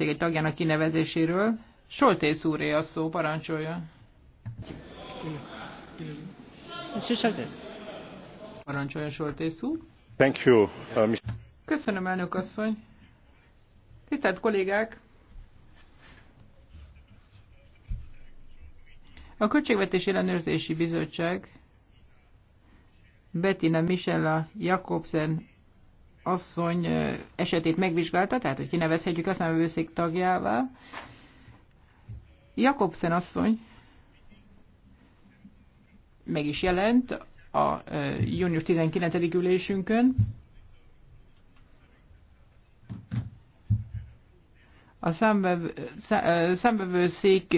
cég egy tagjának kinevezéséről. Soltész úré a szó, parancsolja. Parancsolja Soltész úr. Thank you, uh, Köszönöm, elnök asszony. Tisztelt kollégák! A Költségvetési Ellenőrzési Bizottság Bettina Michela Jakobsen asszony esetét megvizsgálta, tehát hogy kinevezhetjük a számvevőszék tagjává. Jakobsen asszony meg is jelent a június 19. ülésünkön. A számbevőszék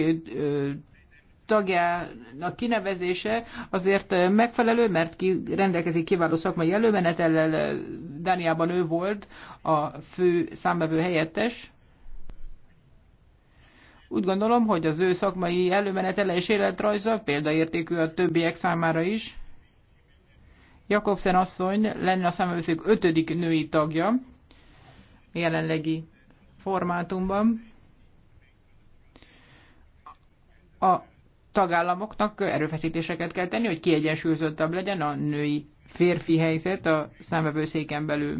tagjának kinevezése azért megfelelő, mert ki rendelkezik kiváló szakmai előmenetellel, Dániában ő volt a fő számbevő helyettes. Úgy gondolom, hogy az ő szakmai előmenetele és életrajza példaértékű a többiek számára is. Jakobsen asszony lenne a számbevőszék ötödik női tagja jelenlegi formátumban. A tagállamoknak erőfeszítéseket kell tenni, hogy kiegyensúlyozottabb legyen a női férfi helyzet a számvevőszéken belül.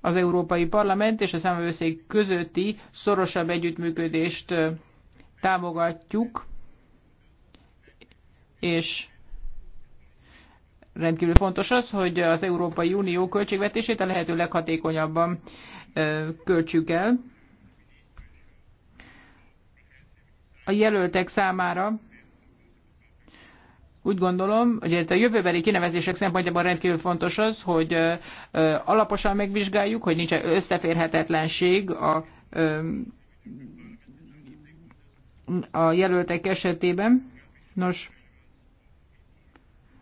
Az Európai Parlament és a számvevőszék közötti szorosabb együttműködést támogatjuk, és rendkívül fontos az, hogy az Európai Unió költségvetését a lehető leghatékonyabban költsük el. A jelöltek számára úgy gondolom, hogy a jövőbeli kinevezések szempontjából rendkívül fontos az, hogy alaposan megvizsgáljuk, hogy nincs összeférhetetlenség a, a jelöltek esetében. Nos,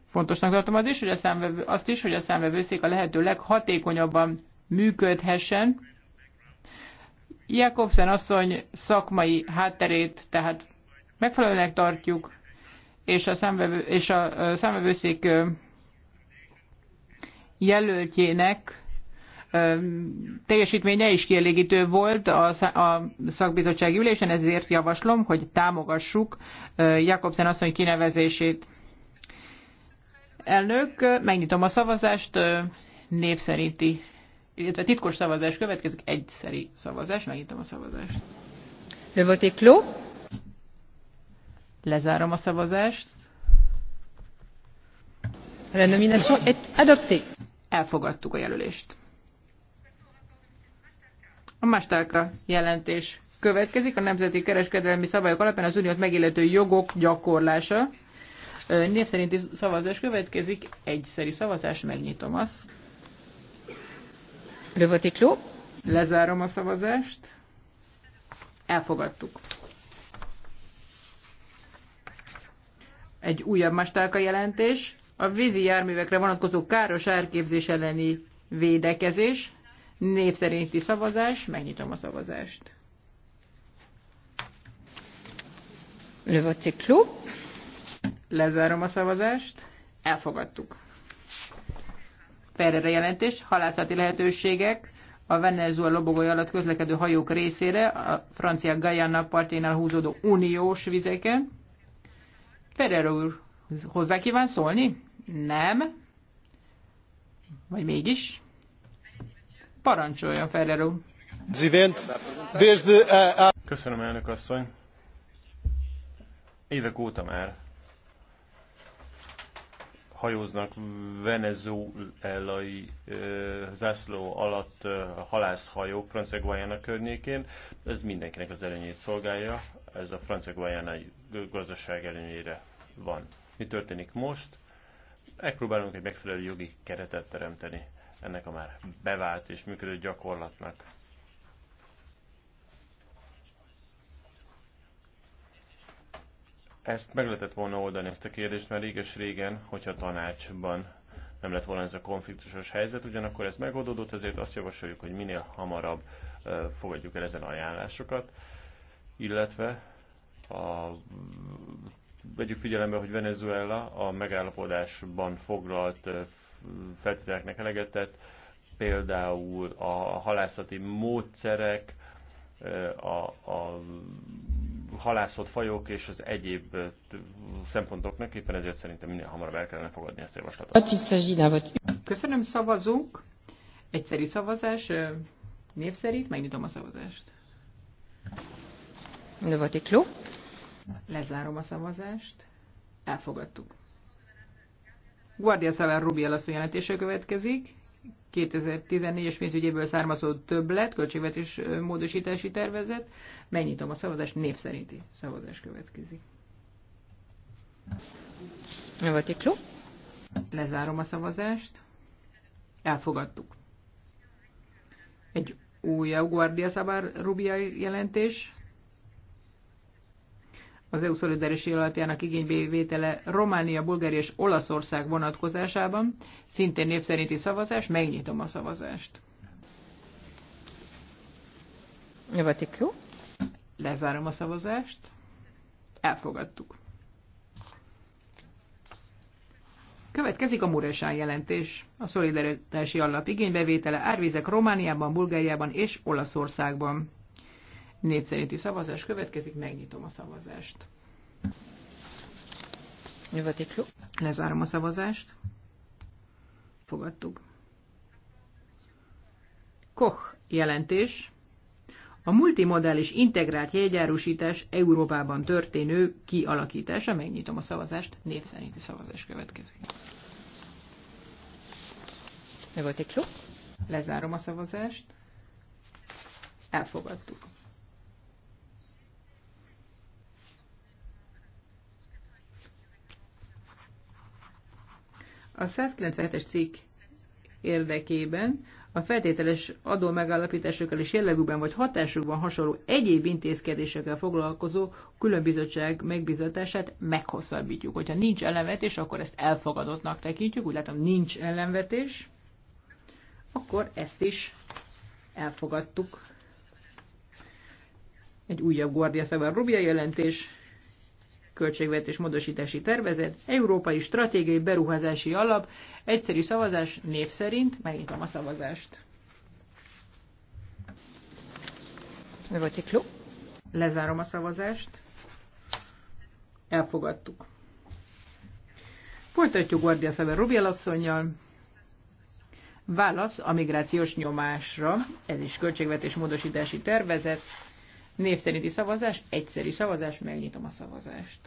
fontosnak tartom az is, hogy a számvevő, azt is, hogy a számvevőszék a lehető leghatékonyabban működhessen. Jakobsen asszony szakmai hátterét tehát megfelelőnek tartjuk, és a, szemvevő, és a szemvevőszék jelöltjének teljesítménye is kielégítő volt a szakbizottsági ülésen, ezért javaslom, hogy támogassuk Jakobsen asszony kinevezését. Elnök, megnyitom a szavazást, név szerinti, illetve titkos szavazás következik, egyszeri szavazás, megnyitom a szavazást. Le vote Lezárom a szavazást. La nomination est adoptée. Elfogadtuk a jelölést. A Mastálka jelentés következik. A Nemzeti Kereskedelmi Szabályok alapján az uniót megillető jogok gyakorlása. Név szerinti szavazás következik. Egyszerű szavazás, megnyitom azt. Le vote Lezárom a szavazást. Elfogadtuk. egy újabb mastálka jelentés, a vízi járművekre vonatkozó káros árképzés elleni védekezés, név szerinti szavazás, megnyitom a szavazást. Le Lezárom a szavazást. Elfogadtuk. Ferrere jelentés, halászati lehetőségek a Venezuela lobogója alatt közlekedő hajók részére a francia Guyana partjénál húzódó uniós vizeken. Ferrer úr, hozzá kíván szólni? Nem. Vagy mégis? Parancsoljon, Ferrer úr. Uh, uh, Köszönöm, elnök asszony. Évek óta már hajóznak venezuelai zászló alatt halászhajók Francia Guayana környékén. Ez mindenkinek az előnyét szolgálja ez a francia Guajanai gazdaság előnyére van. Mi történik most? Megpróbálunk egy megfelelő jogi keretet teremteni ennek a már bevált és működő gyakorlatnak. Ezt meg lehetett volna oldani, ezt a kérdést, mert réges régen, hogyha tanácsban nem lett volna ez a konfliktusos helyzet, ugyanakkor ez megoldódott, ezért azt javasoljuk, hogy minél hamarabb fogadjuk el ezen ajánlásokat illetve a, vegyük figyelembe, hogy Venezuela a megállapodásban foglalt feltételeknek eleget tett, például a halászati módszerek, a, a halászott fajok és az egyéb szempontoknak, éppen ezért szerintem minél hamarabb el kellene fogadni ezt a javaslatot. Köszönöm, szavazunk. Egyszerű szavazás, név szerint megnyitom a szavazást. Le vote est clos. Lezárom a szavazást. Elfogadtuk. Guardia Szavár Rubi asszony jelentése következik. 2014-es pénzügyéből származó többlet, költségvetés módosítási tervezet. Megnyitom a szavazást, név szerinti szavazás következik. Le vote clos. Lezárom a szavazást. Elfogadtuk. Egy újabb Guardia Szabár Rubia jelentés, az EU szolidaritási alapjának igénybevétele Románia, Bulgária és Olaszország vonatkozásában. Szintén népszerinti szavazás, megnyitom a szavazást. Jövetik jó? Lezárom a szavazást. Elfogadtuk. Következik a Muresán jelentés, a szolidaritási alap igénybevétele árvizek Romániában, Bulgáriában és Olaszországban. Népszerinti szavazás következik, megnyitom a szavazást. Lezárom a szavazást. Fogadtuk. Koch jelentés. A multimodális integrált jegyárusítás Európában történő kialakítása. Megnyitom a szavazást. Név szerinti szavazás következik. Lezárom a szavazást. Elfogadtuk. A 197-es cikk érdekében a feltételes adó megállapításokkal és jellegűben vagy hatásukban hasonló egyéb intézkedésekkel foglalkozó különbizottság megbizatását meghosszabbítjuk. Hogyha nincs ellenvetés, akkor ezt elfogadottnak tekintjük, úgy látom nincs ellenvetés, akkor ezt is elfogadtuk. Egy újabb Guardia Szabar Rubia jelentés költségvetés módosítási tervezet, Európai Stratégiai Beruházási Alap, egyszerű szavazás név szerint, megnyitom a szavazást. Lezárom a szavazást. Elfogadtuk. Folytatjuk Guardia Feber Rubiel asszonynal. Válasz a migrációs nyomásra. Ez is költségvetés módosítási tervezet. Név szerinti szavazás, egyszeri szavazás, megnyitom a szavazást.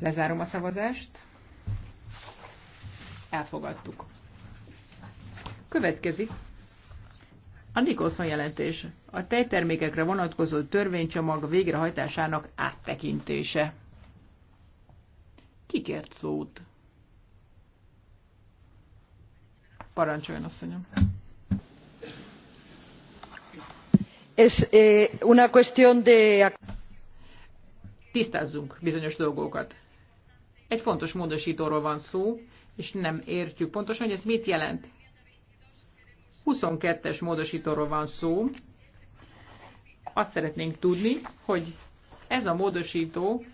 Lezárom a szavazást. Elfogadtuk. Következik a Nikolson jelentés. A tejtermékekre vonatkozó törvénycsomag végrehajtásának áttekintése. Kikért szót? Parancsoljon, asszonyom. Eh, Tisztázzunk bizonyos dolgokat. Egy fontos módosítóról van szó, és nem értjük pontosan, hogy ez mit jelent. 22-es módosítóról van szó. Azt szeretnénk tudni, hogy ez a módosító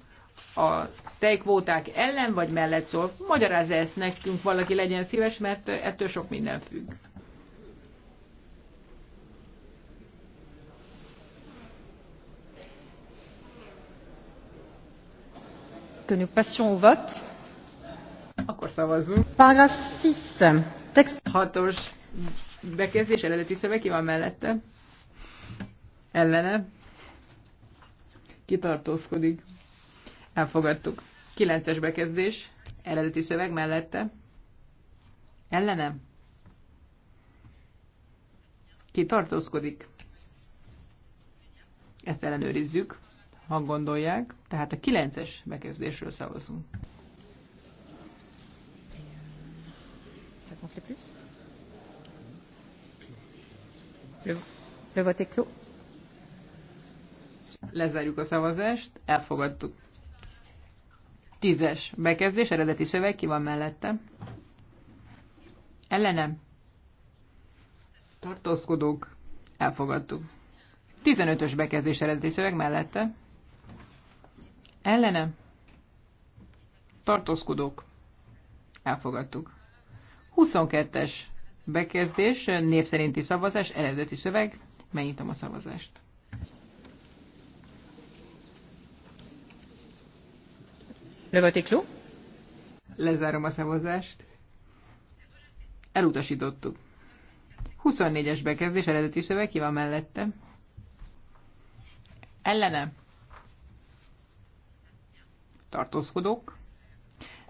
a tejkvóták ellen vagy mellett szól. Magyarázza ezt nekünk valaki, legyen szíves, mert ettől sok minden függ. que nous passions au vote. Akkor szavazzunk. Paragraph 6. Text. 6-os bekezdés eredeti szöveg, ki van mellette? Ellene. Kitartózkodik. Elfogadtuk. 9-es bekezdés eredeti szöveg mellette. Ellene. Kitartózkodik. Ezt ellenőrizzük ha gondolják. Tehát a 9-es bekezdésről szavazunk. Lezárjuk a szavazást, elfogadtuk. Tízes bekezdés, eredeti szöveg, ki van mellette? Ellenem. Tartózkodók, elfogadtuk. 15-ös bekezdés eredeti szöveg mellette ellene tartózkodók elfogadtuk. 22-es bekezdés, név szerinti szavazás, eredeti szöveg, megnyitom a szavazást. Le Lezárom a szavazást. Elutasítottuk. 24-es bekezdés, eredeti szöveg, ki van mellette? Ellene tartózkodók.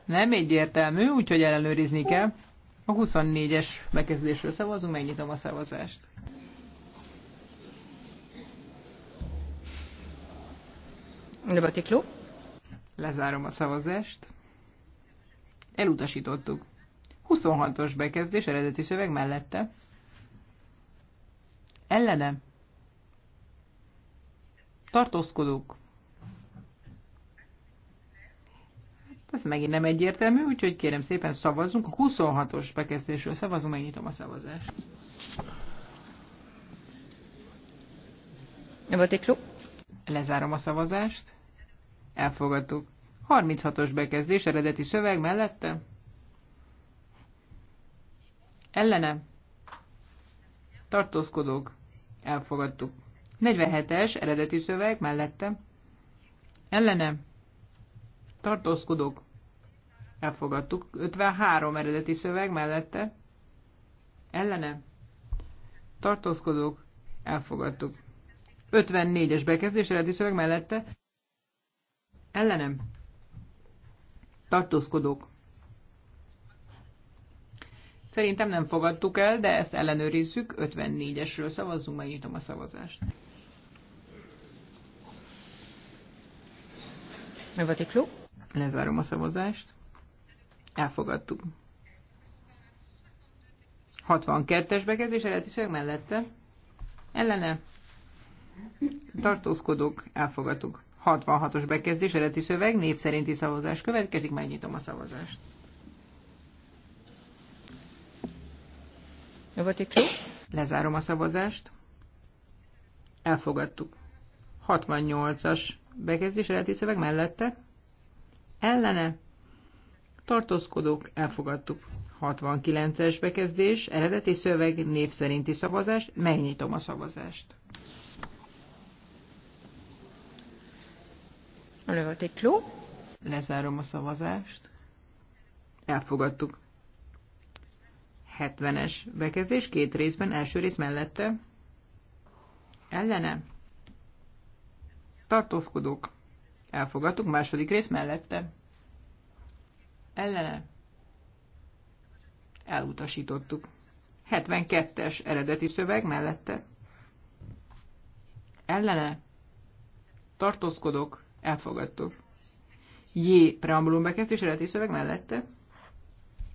Nem egyértelmű, úgyhogy ellenőrizni kell. A 24-es bekezdésről szavazunk, megnyitom a szavazást. Lövatikló. Lezárom a szavazást. Elutasítottuk. 26-os bekezdés eredeti szöveg mellette. Ellene. Tartózkodók. Ez megint nem egyértelmű, úgyhogy kérem szépen szavazzunk. A 26-os bekezdésről szavazunk, megnyitom a szavazást. Lezárom a szavazást. Elfogadtuk. 36-os bekezdés, eredeti szöveg mellette. Ellene. Tartózkodók. Elfogadtuk. 47-es, eredeti szöveg mellette. Ellene tartózkodók, elfogadtuk. 53 eredeti szöveg mellette, ellene, tartózkodók, elfogadtuk. 54-es bekezdés eredeti szöveg mellette, ellenem, tartózkodók. Szerintem nem fogadtuk el, de ezt ellenőrizzük, 54-esről szavazzunk, megnyitom a szavazást. Le klub? Lezárom a szavazást. Elfogadtuk. 62-es bekezdés eredetiség mellette. Ellene. Tartózkodók. Elfogadtuk. 66-os bekezdés eredeti szöveg. Név szerinti szavazás következik. Megnyitom a szavazást. Lezárom a szavazást. Elfogadtuk. 68-as bekezdés eredeti szöveg mellette ellene tartózkodók elfogadtuk. 69-es bekezdés, eredeti szöveg, név szerinti szavazás, megnyitom a szavazást. Lezárom a szavazást. Elfogadtuk. 70-es bekezdés két részben, első rész mellette. Ellene. Tartózkodók. Elfogadtuk. Második rész mellette. Ellene. Elutasítottuk. 72-es eredeti szöveg mellette. Ellene. Tartózkodok. Elfogadtuk. J. Preambulum bekezdés eredeti szöveg mellette.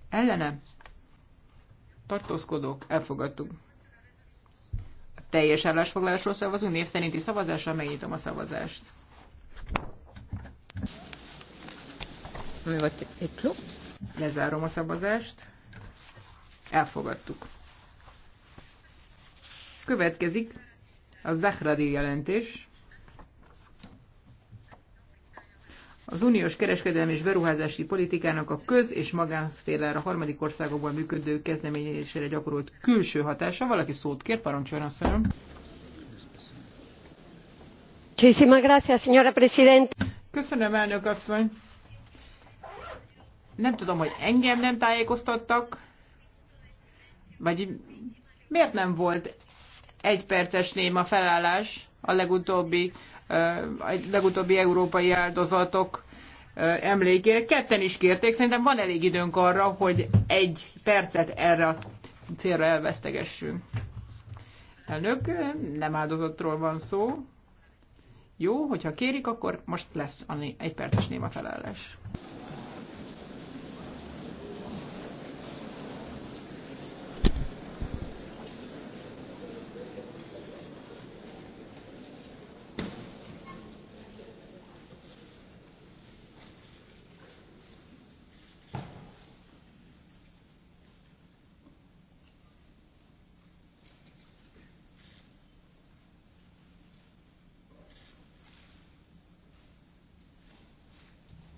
Ellene. Tartózkodok. Elfogadtuk. A teljes állásfoglalásról szavazunk. Név szerinti szavazásra megnyitom a szavazást. Mi volt egy klub? Lezárom a szavazást. Elfogadtuk. Következik a Zahradi jelentés. Az uniós kereskedelmi és beruházási politikának a köz- és magánszférára harmadik országokban működő kezdeményezésére gyakorolt külső hatása. Valaki szót kér, parancsoljon asszonyom. Köszönöm, elnök asszony nem tudom, hogy engem nem tájékoztattak, vagy miért nem volt egy perces néma felállás a legutóbbi, a legutóbbi európai áldozatok emlékére. Ketten is kérték, szerintem van elég időnk arra, hogy egy percet erre a célra elvesztegessünk. Elnök, nem áldozatról van szó. Jó, hogyha kérik, akkor most lesz egy perces néma felállás.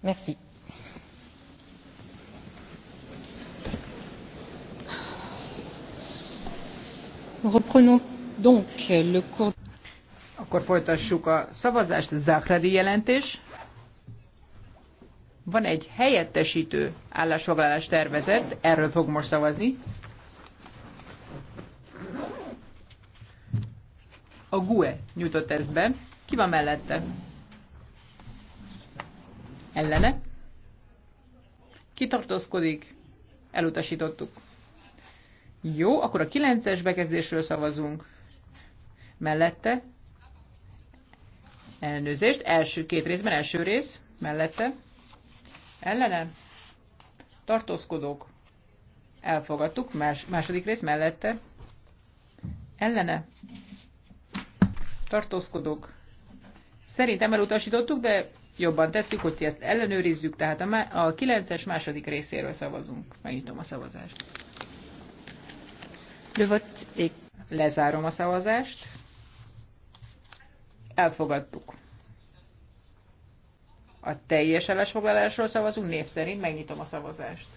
Merci. Reprenons donc le cours. Akkor folytassuk a szavazást. Zákradi jelentés. Van egy helyettesítő állásfoglalás tervezet, erről fog most szavazni. A GUE nyújtott ezt be. Ki van mellette? ellene, kitartózkodik, elutasítottuk. Jó, akkor a 9-es bekezdésről szavazunk. Mellette, elnőzést, első két részben, első rész, mellette, ellene, tartózkodók, elfogadtuk, más, második rész mellette, ellene, tartózkodók, szerintem elutasítottuk, de jobban tesszük, hogy ezt ellenőrizzük, tehát a, a 9-es második részéről szavazunk. Megnyitom a szavazást. Lezárom a szavazást. Elfogadtuk. A teljes elesfoglalásról szavazunk név szerint, megnyitom a szavazást.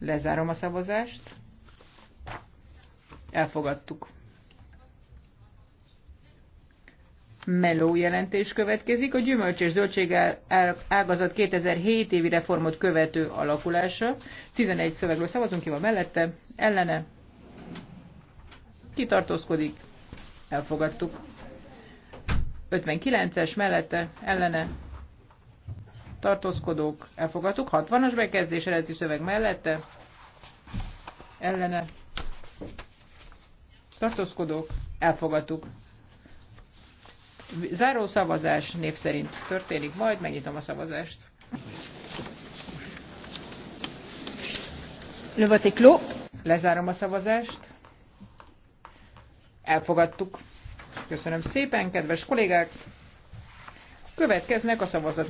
Lezárom a szavazást. Elfogadtuk. Meló jelentés következik, a gyümölcs és zöldség ágazat 2007 évi reformot követő alakulása. 11 szövegről szavazunk, ki van mellette, ellene, kitartózkodik, elfogadtuk. 59-es mellette, ellene, tartózkodók, elfogadtuk. 60-as bekezdés eredeti szöveg mellette, ellene, tartózkodók, elfogadtuk. Záró szavazás név szerint történik majd, megnyitom a szavazást. Le Lezárom a szavazást. Elfogadtuk. Köszönöm szépen, kedves kollégák! Következnek a szavazat